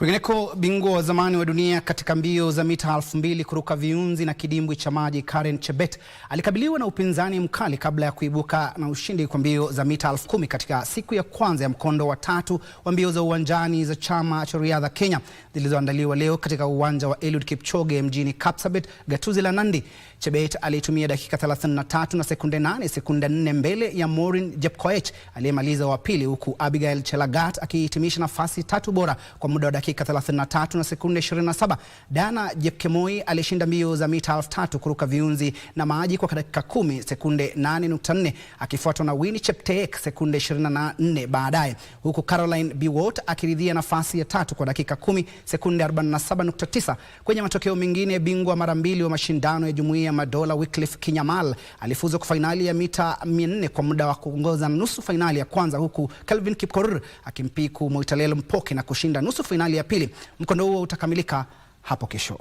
Kwingineko, bingwa wa zamani wa dunia katika mbio za mita elfu mbili kuruka viunzi na kidimbwi cha maji Karen Chebet alikabiliwa na upinzani mkali kabla ya kuibuka na ushindi kwa mbio za mita elfu kumi katika siku ya kwanza ya mkondo wa tatu wa mbio za uwanjani za chama cha riadha Kenya zilizoandaliwa leo katika uwanja wa Eliud Kipchoge mjini Kapsabet, gatuzi la Nandi. Chebet alitumia dakika 33 na sekunde 8 sekunde 4 mbele ya Maureen Jepkoech aliyemaliza wa pili, huku Abigail Chelagat akihitimisha nafasi tatu bora kwa muda wa dakika dakika 33 na sekunde 27. Dana Jepkemoi alishinda mbio za mita 3000 kuruka viunzi na maji kwa dakika 10 sekunde 8.4 akifuatwa na Winnie Cheptech sekunde 24 baadaye, huku Caroline Biwot akiridhia nafasi ya tatu kwa dakika 10 sekunde 47.9. Kwenye matokeo mengine, bingwa mara mbili wa mashindano ya Jumuiya ya Madola Wycliffe Kinyamal alifuzu kwa fainali ya mita 400 kwa muda wa kuongoza nusu fainali ya kwanza, huku Kelvin Kipkorir akimpiku Moitalel Mpoki na kushinda nusu fainali ya pili. Mkondo huo utakamilika hapo kesho.